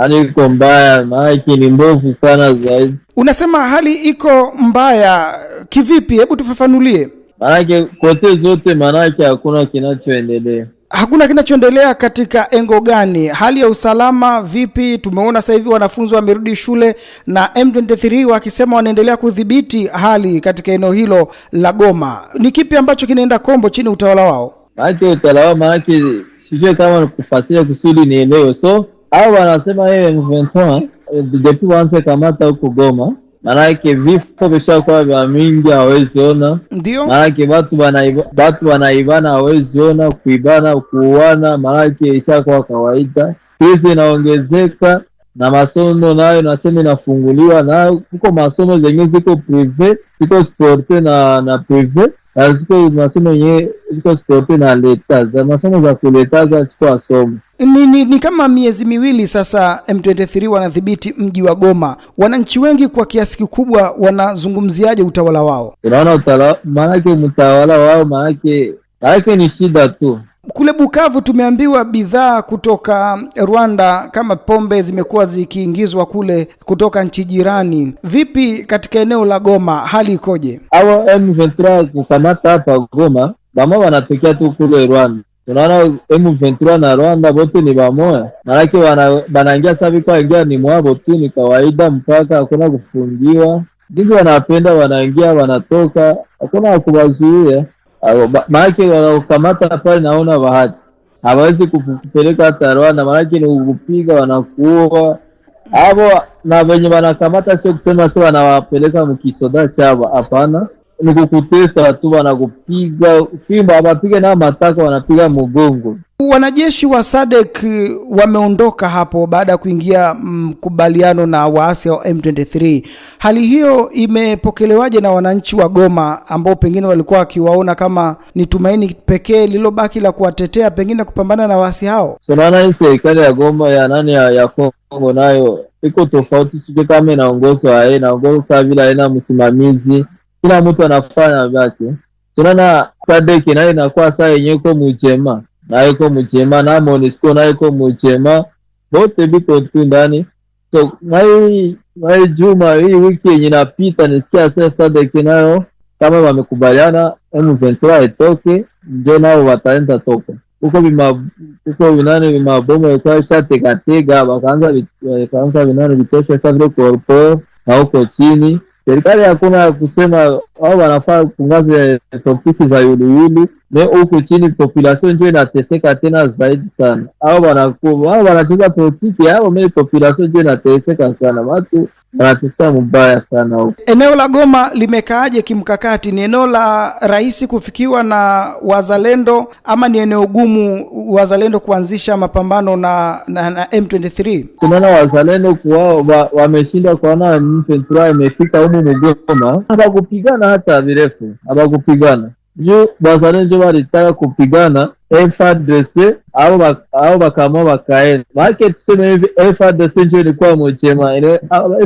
hali iko mbaya, maanake ni mbovu sana zaidi. Unasema hali iko mbaya kivipi? Hebu tufafanulie. Maanake kote zote, maanake hakuna kinachoendelea hakuna kinachoendelea katika engo gani? Hali ya usalama vipi? Tumeona sasa hivi wanafunzi wamerudi shule na M23 wakisema wanaendelea kudhibiti hali katika eneo hilo la Goma. Ni kipi ambacho kinaenda kombo chini utawala wao? Maanake utawala wao, maanake sijue kama nikufuatilia kusudi nielewe, so au wanasema yeye M23 depuis waanze kamata huko Goma, maanake vifo vishakuwa vya mingi, hawezi ona. Ndio maanake watu wanaibana, hawezi ona kuibana, kuuana, maanake ishakuwa kawaida, hizi inaongezeka na masomo nayo nasema inafunguliwa na huko masomo zenye ziko prive ziko sporte na na prive na ziko masomo yenye ziko sporte na leta za masomo za kuleta za ziko asomo ni, ni, ni kama miezi miwili sasa M23 wanadhibiti mji wa Goma. Wananchi wengi kwa kiasi kikubwa wanazungumziaje utawala wao? Unaona utawala, maanake mtawala wao maanake maanake ni shida tu kule Bukavu tumeambiwa bidhaa kutoka Rwanda kama pombe zimekuwa zikiingizwa kule kutoka nchi jirani. Vipi katika eneo la Goma, hali ikoje? awa M23 kukamata hapa Goma bama wanatokea tu kule Rwanda. Unaona m na Rwanda vote ni bamoya, manake wanaingia sabika ingia ni mwavo tu, ni kawaida, mpaka hakuna kufungiwa. Jinsi wanapenda wanaingia wanatoka, hakuna wakuwazuia maanake wanaokamata pale naona bahati hawezi kupeleka hata Rwanda, maanake ni kupiga wanakuua hapo, na venye wanakamata sio kusema sio wanawapeleka mkisoda chava, hapana ni kukutesa watu wanakupiga fimbo, wapige nao mataka, wanapiga mgongo. Wanajeshi wa SADC eh, wameondoka hapo baada ya kuingia mkubaliano na waasi wa M23. Hali hiyo imepokelewaje na wananchi wa Goma ambao pengine walikuwa wakiwaona kama ni tumaini pekee lililobaki la kuwatetea pengine kupambana na waasi hao? Tunaona hii serikali ya Goma ya nani ya, ya Kongo nayo iko tofauti, sijui kama inaongozwa inaongozwa vile haina msimamizi kila mtu anafanya vyake tunaona sadeki nayo inakuwa saa yenye iko muchema nayo iko muchema na monisco nayo iko muchema bote viko tu ndani so mai juma hii wiki yenye napita nisikia sasa sadeki nayo kama wamekubaliana m ventura itoke ndio nao wataenda toka huko huko vinani vimabomo ilikuwa ishategatega wakaanza vinani vitosha sa vile korpo na huko chini Serikali hakuna kusema wao wanafaa kungaze topiki za yuluyulu me huku chini population njo inateseka tena zaidi sana. Au wanakuwa wanacheza politiki ao me population njo inateseka sana, watu wanateseka mubaya sana huku Eneo la Goma limekaaje kimkakati? Ni eneo la rahisi kufikiwa na wazalendo ama ni eneo gumu wazalendo kuanzisha mapambano na na, na M23? Tunaona wazalendo kuwao wameshindwa wa kuona M23 imefika humu mugoma kupigana hata mirefu abakupigana juu bazalendo njo balitaka kupigana FARDC au bak, au bakama bakaenda make tuseme hivi FARDC njo ilikuwa mchema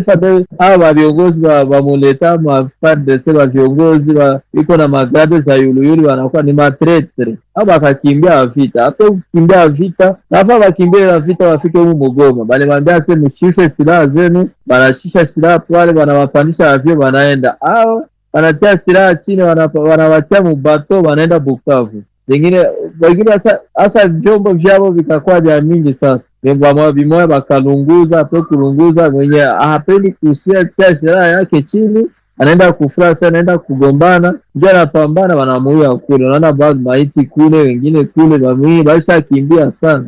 FARDC au ba viongozi ba bamuleta ma FARDC ba viongozi ba iko na magrade za yulu yulu wanakuwa ni matretre au bakakimbia vita hapo kukimbia vita nafa bakimbia vita wafike huko Mgoma bale mwambia se mshishe silaha zenu banashisha silaha pale banawapandisha avyo banaenda au wanatia silaha chini, wanawatia mubato, wanaenda Bukavu zingine wengine hasa vyombo vyavo vikakuwa vya mingi. Sasa vyombo vimoya bakalunguza ape kulunguza, mwenye hapendi kusia tia silaha yake chini, anaenda sa anaenda kugombana, njo anapambana, wanamuia kule, wanaona maiti kule, wengine kule, bamwii baisha kimbia sana.